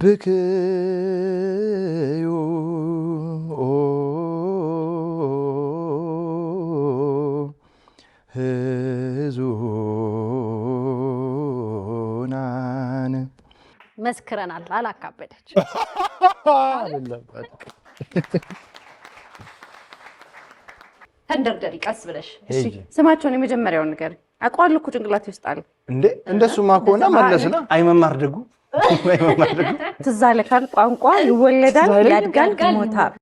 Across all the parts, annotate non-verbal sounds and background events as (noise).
ብክዩ ህዙናን መስክረናል። አላካበደች ተንደርደሪ ቀስ ብለሽ ስማቸውን የመጀመሪያውን ነገር አውቀዋለሁ እኮ ጭንቅላቴ ውስጥ እንዴ። እንደሱማ ከሆነ መለስና አይመማር ደጉ ትዝ አለካል። ቋንቋ ይወለዳል፣ ያድጋል፣ ይሞታል።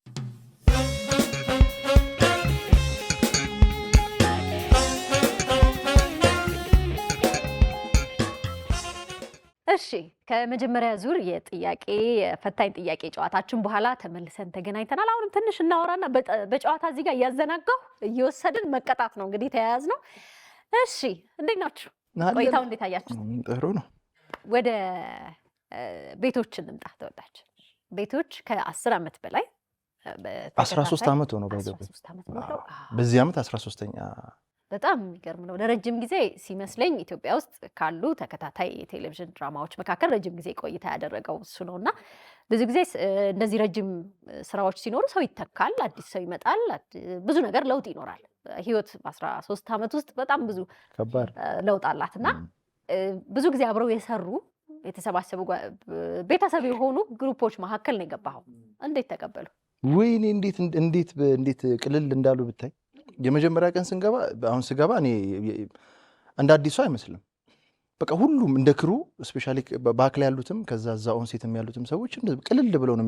እሺ ከመጀመሪያ ዙር የጥያቄ የፈታኝ ጥያቄ ጨዋታችን በኋላ ተመልሰን ተገናኝተናል። አሁንም ትንሽ እናወራና በጨዋታ እዚህ ጋር እያዘናጋሁ እየወሰድን መቀጣት ነው እንግዲህ ተያያዝ ነው። እሺ እንዴት ናችሁ? ቆይታው እንዴት አያችሁ? ጥሩ ነው። ወደ ቤቶችን ልምጣ ተወዳጅ ቤቶች ከአስር ዓመት በላይ አስራ ዓመት ሆነው በዚህ ዓመት አስራ በጣም የሚገርም ነው። ለረጅም ጊዜ ሲመስለኝ ኢትዮጵያ ውስጥ ካሉ ተከታታይ የቴሌቪዥን ድራማዎች መካከል ረጅም ጊዜ ቆይታ ያደረገው እሱ ነው እና ብዙ ጊዜ እንደዚህ ረጅም ስራዎች ሲኖሩ ሰው ይተካል፣ አዲስ ሰው ይመጣል፣ ብዙ ነገር ለውጥ ይኖራል። ህይወት በአስራ ሶስት ዓመት ውስጥ በጣም ብዙ ለውጥ አላት እና ብዙ ጊዜ አብረው የሰሩ የተሰባሰቡ ቤተሰብ የሆኑ ግሩፖች መካከል ነው የገባኸው። እንዴት ተቀበሉ? ወይኔ እንዴት እንዴት እንዴት ቅልል እንዳሉ ብታይ። የመጀመሪያ ቀን ስንገባ አሁን ስገባ እኔ እንደ አዲሱ አይመስልም። በቃ ሁሉም እንደ ክሩ ስፔሻሊ ባክ ላይ ያሉትም ከዛ እዛ ኦንሴትም ያሉትም ሰዎች ቅልል ብለው ነው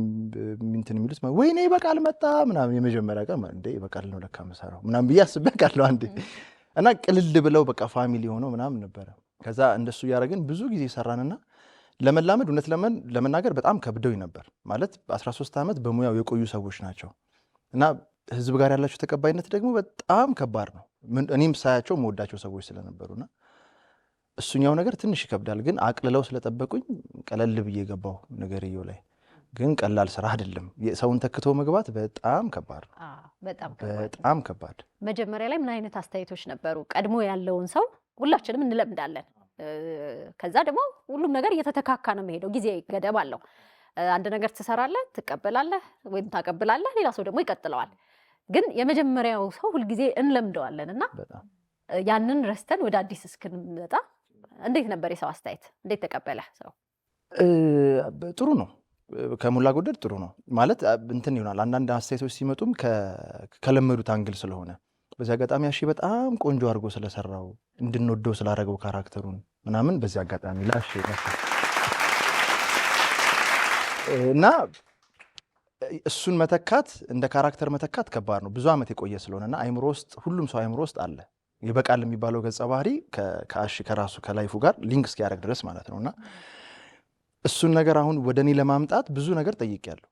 እንትን የሚሉት። ወይኔ ይበቃል መጣ ምናምን የመጀመሪያ ቀን እንደ ይበቃል ነው ለካ መሰራው ምናምን ብዬ አስበቃለሁ አውቃለሁ አንዴ እና ቅልል ብለው በቃ ፋሚሊ ሆነው ምናምን ነበረ። ከዛ እንደሱ እያደረግን ብዙ ጊዜ ሰራንና ለመላመድ እውነት ለመናገር በጣም ከብደው ነበር። ማለት በ13 ዓመት በሙያው የቆዩ ሰዎች ናቸው እና ህዝብ ጋር ያላቸው ተቀባይነት ደግሞ በጣም ከባድ ነው። እኔም ሳያቸው መወዳቸው ሰዎች ስለነበሩና እሱኛው ነገር ትንሽ ይከብዳል። ግን አቅልለው ስለጠበቁኝ ቀለል ብዬ ገባው ነገርየው ላይ ግን ቀላል ስራ አይደለም። ሰውን ተክቶ መግባት በጣም ከባድ ነው። በጣም ከባድ መጀመሪያ ላይ ምን አይነት አስተያየቶች ነበሩ? ቀድሞ ያለውን ሰው ሁላችንም እንለምዳለን ከዛ ደግሞ ሁሉም ነገር እየተተካካ ነው የሚሄደው። ጊዜ ገደብ አለው። አንድ ነገር ትሰራለህ፣ ትቀበላለህ ወይም ታቀብላለህ፣ ሌላ ሰው ደግሞ ይቀጥለዋል። ግን የመጀመሪያው ሰው ሁልጊዜ እንለምደዋለን እና ያንን ረስተን ወደ አዲስ እስክንመጣ እንዴት ነበር የሰው አስተያየት? እንዴት ተቀበለ ሰው? ጥሩ ነው ከሞላ ጎደል ጥሩ ነው ማለት እንትን ይሆናል። አንዳንድ አስተያየቶች ሲመጡም ከለመዱት አንግል ስለሆነ በዚህ አጋጣሚ አሺ በጣም ቆንጆ አድርጎ ስለሰራው እንድንወደው ስላደረገው ካራክተሩን ምናምን በዚህ አጋጣሚ ላሽ እና እሱን መተካት እንደ ካራክተር መተካት ከባድ ነው። ብዙ ዓመት የቆየ ስለሆነና አይምሮ ውስጥ ሁሉም ሰው አይምሮ ውስጥ አለ ይበቃል የሚባለው ገጸ ባህሪ ከአሺ ከራሱ ከላይፉ ጋር ሊንክ እስኪያደርግ ድረስ ማለት ነው እና እሱን ነገር አሁን ወደ እኔ ለማምጣት ብዙ ነገር ጠይቄያለሁ።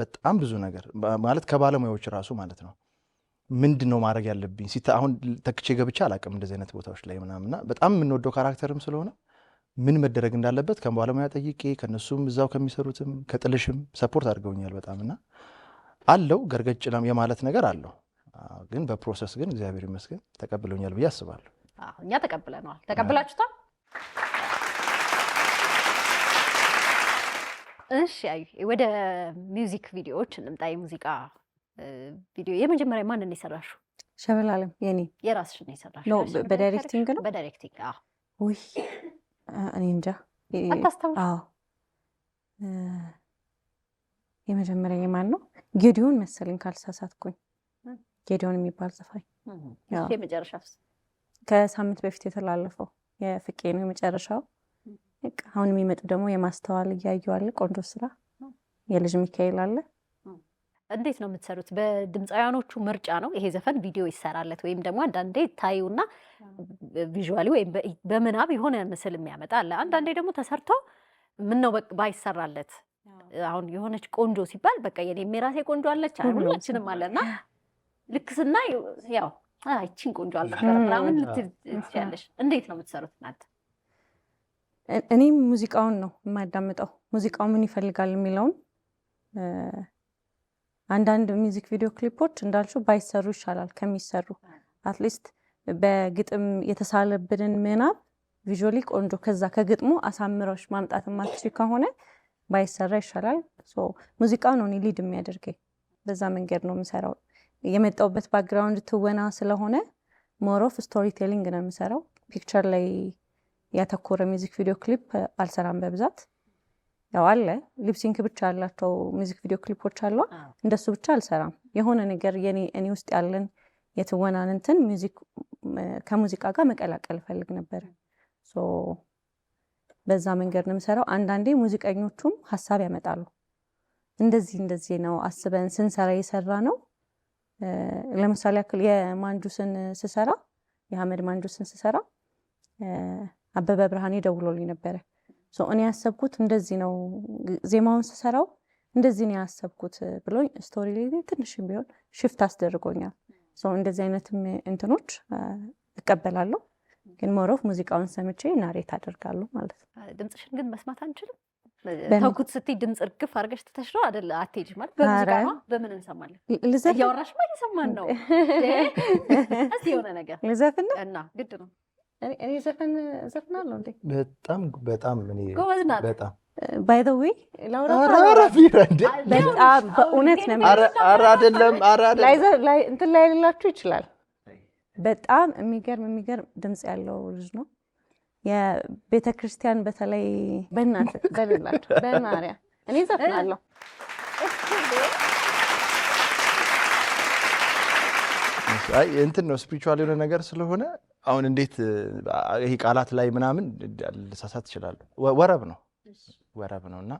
በጣም ብዙ ነገር ማለት ከባለሙያዎች ራሱ ማለት ነው ምንድን ነው ማድረግ ያለብኝ ሲ አሁን ተክቼ ገብቻ አላቅም እንደዚህ አይነት ቦታዎች ላይ ምናምና በጣም የምንወደው ካራክተርም ስለሆነ ምን መደረግ እንዳለበት ከባለሙያ ጠይቄ ከነሱም እዛው ከሚሰሩትም ከጥልሽም ሰፖርት አድርገውኛል በጣምና አለው ገርገጭ የማለት ነገር አለው። ግን በፕሮሰስ ግን እግዚአብሔር ይመስገን ተቀብለውኛል ብዬ አስባለሁ። እኛ ተቀብለነዋል። ተቀብላችሁታል? እሺ፣ ወደ ሚውዚክ ቪዲዮዎች እንምጣ። የሙዚቃ ቪዲዮ የመጀመሪያ ማንን የሰራሽው? ሸበላለም የኔ የራስሽ ነው የሰራሽ? የሰራሽው? በዳይሬክቲንግ ነው። በዳይሬክቲንግ ውይ፣ እኔ እንጃ አታስታውሽ። የመጀመሪያ የማን ነው? ጌዲዮን መሰለኝ ካልሳሳትኩኝ፣ ጌዲዮን የሚባል ጽፋኝ። የመጨረሻ ከሳምንት በፊት የተላለፈው የፍቄ ነው የመጨረሻው። አሁን የሚመጡ ደግሞ የማስተዋል እያየዋለ ቆንጆ ስራ የልጅ ሚካኤል አለ እንዴት ነው የምትሰሩት? በድምፃውያኖቹ ምርጫ ነው ይሄ ዘፈን ቪዲዮ ይሰራለት ወይም ደግሞ አንዳንዴ ታዩና ቪዥዋሊ ወይም በምናብ የሆነ ምስል የሚያመጣ አለ። አንዳንዴ ደግሞ ተሰርቶ ምነው ባይሰራለት አሁን የሆነች ቆንጆ ሲባል በቃ የኔም የራሴ ቆንጆ አለች ሁላችንም አለና ልክ ስናይ ያው ይቺን ቆንጆ አልነበረ ምናምን እንዴት ነው የምትሰሩት እናንተ? እኔም ሙዚቃውን ነው የማያዳምጠው ሙዚቃው ምን ይፈልጋል የሚለውን አንዳንድ ሚዚክ ቪዲዮ ክሊፖች እንዳልሹ ባይሰሩ ይሻላል ከሚሰሩ። አትሊስት በግጥም የተሳለብንን ምናብ ቪዥዋሊ ቆንጆ ከዛ ከግጥሙ አሳምረሽ ማምጣት ማትች ከሆነ ባይሰራ ይሻላል። ሙዚቃው ነው እኔ ሊድ የሚያደርገኝ በዛ መንገድ ነው የምሰራው። የመጣውበት ባክግራውንድ ትወና ስለሆነ ሞሮፍ ስቶሪ ቴሊንግ ነው የምሰራው። ፒክቸር ላይ ያተኮረ ሚዚክ ቪዲዮ ክሊፕ አልሰራም በብዛት ያው አለ ሊፕሲንክ ብቻ ያላቸው ሚዚክ ቪዲዮ ክሊፖች አሉ። እንደሱ ብቻ አልሰራም። የሆነ ነገር እኔ ውስጥ ያለን የትወናን እንትን ከሙዚቃ ጋር መቀላቀል እፈልግ ነበር። በዛ መንገድ ነው የምሰራው። አንዳንዴ ሙዚቀኞቹም ሀሳብ ያመጣሉ። እንደዚህ እንደዚህ ነው አስበን ስንሰራ የሰራ ነው። ለምሳሌ ያክል የማንጁስን ስሰራ የሀመድ ማንጁስን ስሰራ አበበ ብርሃኔ ደውሎልኝ ነበረ እኔ ያሰብኩት እንደዚህ ነው፣ ዜማውን ስሰራው እንደዚህ ነው ያሰብኩት ብሎኝ ስቶሪ ላይ ትንሽም ቢሆን ሽፍት አስደርጎኛል። እንደዚህ አይነትም እንትኖች እቀበላለሁ። ግን ሞሮፍ ሙዚቃውን ሰምቼ ናሬት አደርጋለሁ ማለት ነው። ድምፅሽን ግን መስማት አንችልም። ተውኩት ስትይ ድምፅ እርግፍ አድርገሽ ትተሽ ነው አይደለ? አትሄጂም ማለት በሙዚቃ በምን እንሰማለን? እያወራሽ እየሰማን ነው። (laughs) እስኪ የሆነ ነገር ልዘፍን እና ግድ ነው እኔ ዘፈን ዘፍናለሁ እንዴ? በጣም በጣም እኔ ጎበዝ ናት። በጣም ባይ ዘ ዌይ በጣም በእውነት ነው። ኧረ አይደለም እንትን ላይ ሌላችሁ ይችላል። በጣም የሚገርም የሚገርም ድምፅ ያለው ልጅ ነው። የቤተ ክርስቲያን በተለይ በእናትህ በሌላችሁ በማርያም እኔ ዘፍናለሁ። እንትን ነው ስፒሪቹዋል የሆነ ነገር ስለሆነ አሁን እንዴት ይሄ ቃላት ላይ ምናምን ልሳሳት እችላለሁ። ወረብ ነው ወረብ ነው እና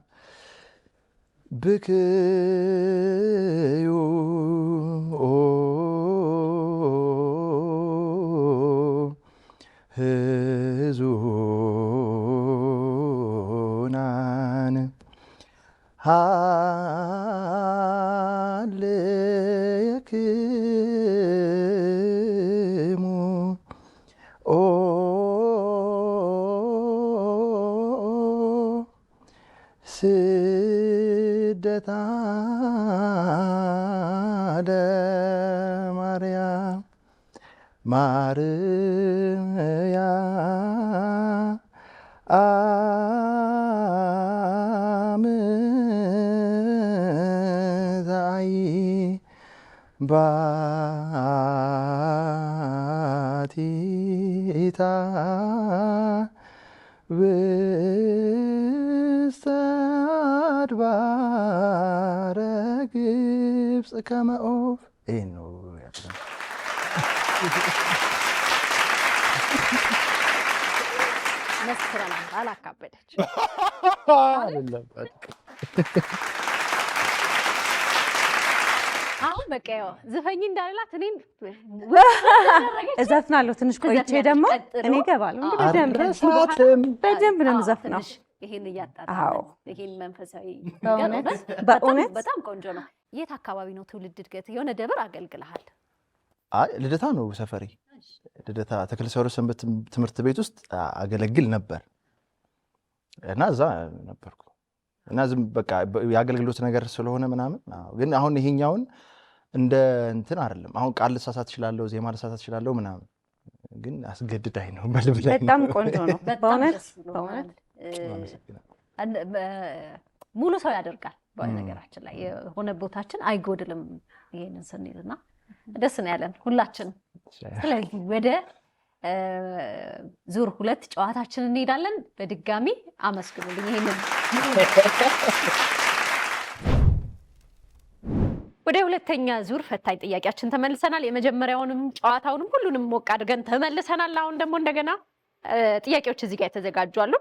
ብክዩ ስደታ ደማርያም ማርያ አምዛይ ባቲታ አድባረ ግብፅ ከመ ኦፍ ይህን ነው። አላካበደች አሁን በቃ ያው ዘፈኝ እንዳልላት እኔም እዘፍናለሁ። ትንሽ ቆይቼ ደግሞ እኔ እገባለሁ። በደንብ ነው የምዘፍነው። ይሄን እያጣጣለን ይሄን መንፈሳዊ በእውነት በጣም ቆንጆ ነው። የት አካባቢ ነው ትውልድ እድገት? የሆነ ደብር አገልግልሃል? አይ ልደታ ነው ሰፈሪ። ልደታ ተክለ ሰውነት ሰንበት ትምህርት ቤት ውስጥ አገለግል ነበር እና እዛ ነበርኩ እና ዝም በቃ የአገልግሎት ነገር ስለሆነ ምናምን ግን አሁን ይሄኛውን እንደ እንትን አይደለም። አሁን ቃል ልሳሳት እችላለሁ፣ ዜማ ልሳሳት እችላለሁ ምናምን ግን አስገድዳኝ ነው በልብ ላይ በጣም ቆንጆ ነው በእውነት በእውነት ሙሉ ሰው ያደርጋል። በነገራችን ላይ የሆነ ቦታችን አይጎድልም። ይሄንን ስንል ደስ ነው ያለን ሁላችን። ስለዚህ ወደ ዙር ሁለት ጨዋታችን እንሄዳለን። በድጋሚ አመስግኑልኝ ይሄንን (laughs) ወደ ሁለተኛ ዙር ፈታኝ ጥያቄያችን ተመልሰናል። የመጀመሪያውንም ጨዋታውንም ሁሉንም ሞቅ አድርገን ተመልሰናል። አሁን ደግሞ እንደገና ጥያቄዎች እዚህ ጋር የተዘጋጁ አሉ።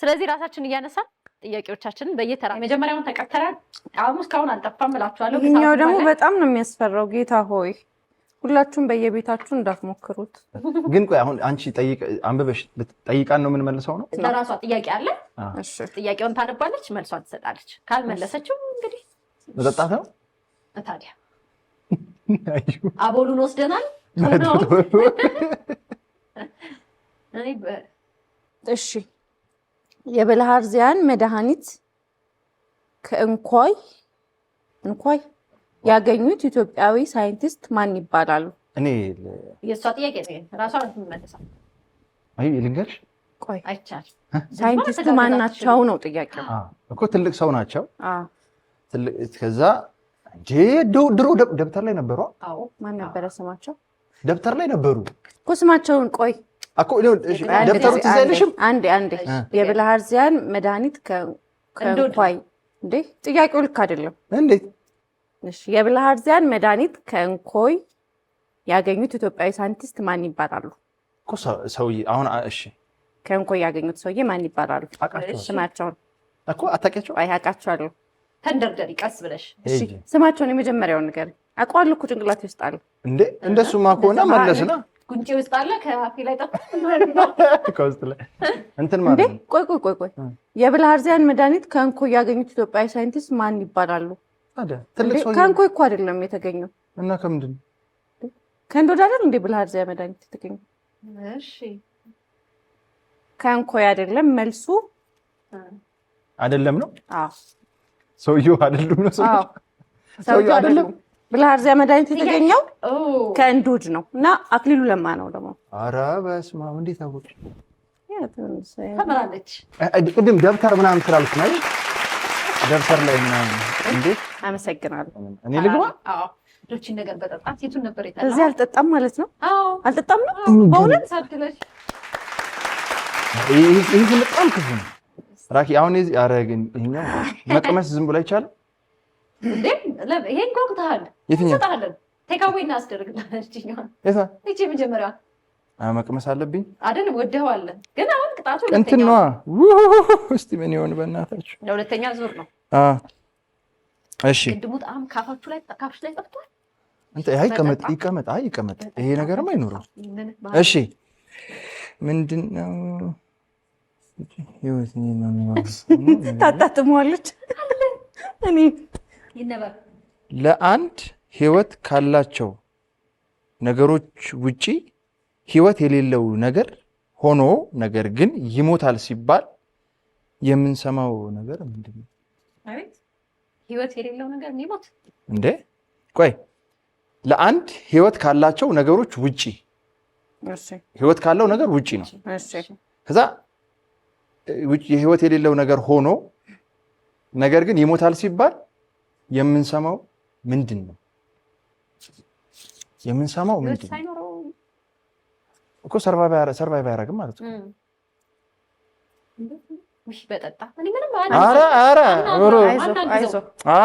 ስለዚህ ራሳችን እያነሳን ጥያቄዎቻችንን በየተራ መጀመሪያውን ተቀተላል። አሁን እስካሁን አልጠፋም እላችኋለሁ። እኛው ደግሞ በጣም ነው የሚያስፈራው። ጌታ ሆይ ሁላችሁም በየቤታችሁ እንዳትሞክሩት። (laughs) ግን ቆይ አሁን አንቺ አንብበሽ ጠይቃን ነው የምንመልሰው ነው። ለራሷ ጥያቄ አለ። ጥያቄውን ታነባለች፣ መልሷ ትሰጣለች። ካልመለሰችው እንግዲህ መጠጣት ነው ታዲያ። (laughs) አቦሉን ወስደናል። (laughs) እሺ የበለሃርዚያን መድኃኒት ከእንኳይ እንኳይ ያገኙት ኢትዮጵያዊ ሳይንቲስት ማን ይባላሉ? እኔ የእሷ ጥያቄ ራሷ ትመለሳል። ልንገርሽ ሳይንቲስት ማን ናቸው ነው ጥያቄው እኮ። ትልቅ ሰው ናቸው። ከዛ ድሮ ደብተር ላይ ነበሩ። ማን ነበረ ስማቸው? ደብተር ላይ ነበሩ እኮ ስማቸውን ቆይ ደብተሩ ትዝ አይልሽም? አንዴ አንዴ የብልሃርዚያን መድኃኒት ከእንኳይ እንዴ፣ ጥያቄው ልክ አይደለም። እንዴት የብልሃርዚያን መድኃኒት ከእንኮይ ያገኙት ኢትዮጵያዊ ሳይንቲስት ማን ይባላሉ? ሰውዬ አሁን እሺ፣ ከእንኮይ ያገኙት ሰውዬ ማን ይባላሉ? ስማቸውን እኮ አታውቂያቸው? አይ አውቃቸዋለሁ። ተንደርደሪ ቀስ ብለሽ። ስማቸውን የመጀመሪያውን ነገር አውቀዋለሁ እኮ ጭንቅላቴ ውስጥ አለ። እንዴ እንደሱማ ከሆነ መለስ ነው ጉንጭ ውስጥ አለ ከአፌ ላይ ጠፋ። ቆይ ቆይ ቆይ ቆይ የብልሃርዚያን መድኃኒት ከእንኮይ ያገኙት ኢትዮጵያዊ ሳይንቲስት ማን ይባላሉ? ከእንኮይ እኮ አይደለም የተገኘው እና ከምንድን ነው? ከእንዶድ አይደል እንዴ ብልሃርዚያ መድኃኒት የተገኘው? ከእንኮይ አይደለም መልሱ። አይደለም ነው ሰውየው አይደሉም ነው ሰውየው አይደለም ብልሃር ዚያ መድኃኒት የተገኘው ከእንዶድ ነው እና አክሊሉ ለማ ነው ደግሞ። ኧረ በስመ አብ እንዴት አወቅሽ? ቅድም ደብተር ምናምን ስላልኩ ነው። ደብተር ላይ ምናምን እንዴት። አመሰግናለሁ። እኔ ልግባ እዚህ አልጠጣም ማለት ነው። አልጠጣም ነው በእውነት ይህ በጣም ክፉ ነው። ራኪ አሁን ዚ ግን ይኸኛው መቅመስ ዝም ብሎ አይቻልም። ይሄን ጓጉተሃል። እንሰጥሃለን። ቴካዌ እናስደርግልሃል። ይቺ መጀመሪያ መቅመስ አለብኝ አይደል? ወደዋለን። ግን አሁን ቅጣቱ እንትን ነዋ። እስኪ ምን ይሆን በእናታችሁ? ለሁለተኛ ዙር ነው። እሺ ቅድሙ ጣም ካፋችሁ ላይ ካፍሽ ላይ ጠፍቷል። ይቀመጥ ይቀመጥ፣ አይ ይቀመጥ። ይሄ ነገርም አይኖርም። እሺ ምንድን ነው (laughs) ታጣጥመዋለች እኔ ለአንድ ህይወት ካላቸው ነገሮች ውጪ ህይወት የሌለው ነገር ሆኖ ነገር ግን ይሞታል ሲባል የምንሰማው ነገር ምንድን ነው? ህይወት የሌለው ነገር እንዴ? ቆይ ለአንድ ህይወት ካላቸው ነገሮች ውጪ ህይወት ካለው ነገር ውጪ ነው። ከዛ ህይወት የሌለው ነገር ሆኖ ነገር ግን ይሞታል ሲባል የምንሰማው ምንድን ነው? የምንሰማው ምንድን ነው እኮ ሰርቫይቭ አያደርግም ማለት ነው።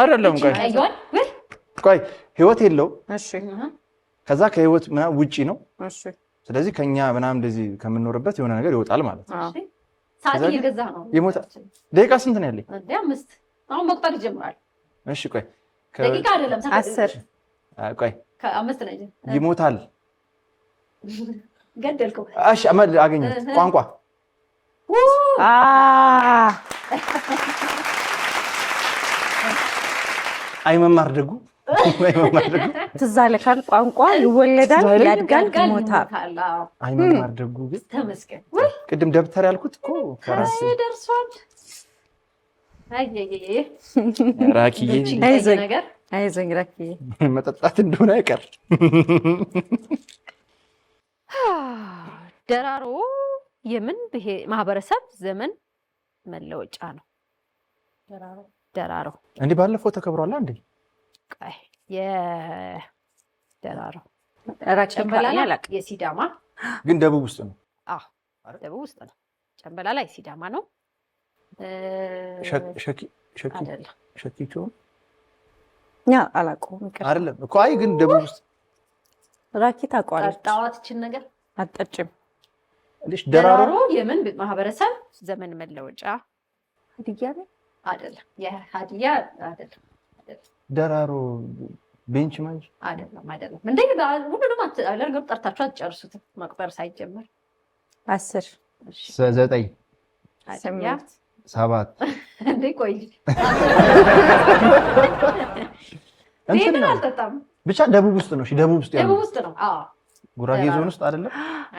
አይደለም ቆይ ህይወት የለው ከዛ ከህይወት ምናምን ውጪ ነው። ስለዚህ ከኛ ምናምን እንደዚህ ከምንኖርበት የሆነ ነገር ይወጣል ማለት ነው። ደቂቃ ስንት ነው ያለኝ? አሁን መቁጠር ይጀምራል እሺ ቆይ ይሞታል ገደልኩ። እሺ አገኘሁት። ቋንቋ አይመማር ደጉ ትዝ አለካል። ቋንቋ ይወለዳል፣ ያድጋል፣ ይሞታል። አይመማር ደጉ ግን ቅድም ደብተር ያልኩት እኮ ደርሷል። ራኪዬ አይዞኝ ራኪዬ መጠጣት እንደሆነ አይቀር (laughs) ደራሮ የምን ማህበረሰብ ዘመን መለወጫ ነው። ደራሮ እንዲህ ባለፈው እንዴ የደራሮ የሲዳማ ግን ደቡብ ውስጥ ነው። ደቡብ ውስጥ ነው። ጨምበላላ የሲዳማ ነው። ሸኪቶ አላውቀውም አይደለም እኮ አይ ግን ደቡብ ውስጥ ራኪት አውቀዋለች። ጣዋትችን ነገር አጠጭም ደራሮ የምን ማህበረሰብ ዘመን መለወጫ ሀዲያ ላይ አይደለም፣ የሀዲያ አይደለም። ደራሮ ቤንች ማንች አይደለም፣ አይደለም። እንደ ሁሉንም ለርገብ ጠርታችሁ አትጨርሱትም መቁጠር ሳይጀመር አስር ዘጠኝ ስምንት ሰባት እንዴ ቆይ እንትን አልጠጣም ብቻ ደቡብ ውስጥ ነው። ደቡብ ውስጥ ደቡብ ውስጥ ነው። ጉራጌ ዞን ውስጥ አይደለም።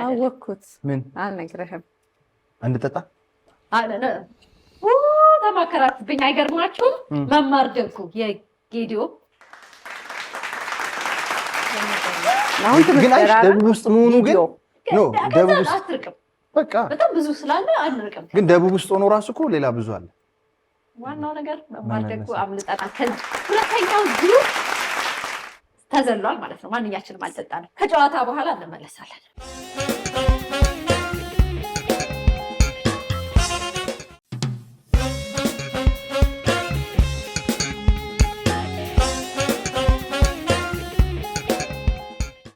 አወኩት ምን አልነግረህም። አንድ ጠጣ ተማከራችሁብኝ። አይገርማችሁም? መማር ደጉ የጌዲዮ ግን ደቡብ ውስጥ መሆኑ ግን ደቡብ ውስጥ አትርቅም በቃ በጣም ብዙ ስላለ አንርቅም። ግን ደቡብ ውስጥ ሆኖ ራሱ እኮ ሌላ ብዙ አለ። ዋናው ነገር ማደጉ አምልጠናል። ሁለተኛው ዙር ተዘሏል ማለት ነው። ማንኛችንም አልጠጣንም። ከጨዋታ በኋላ እንመለሳለን።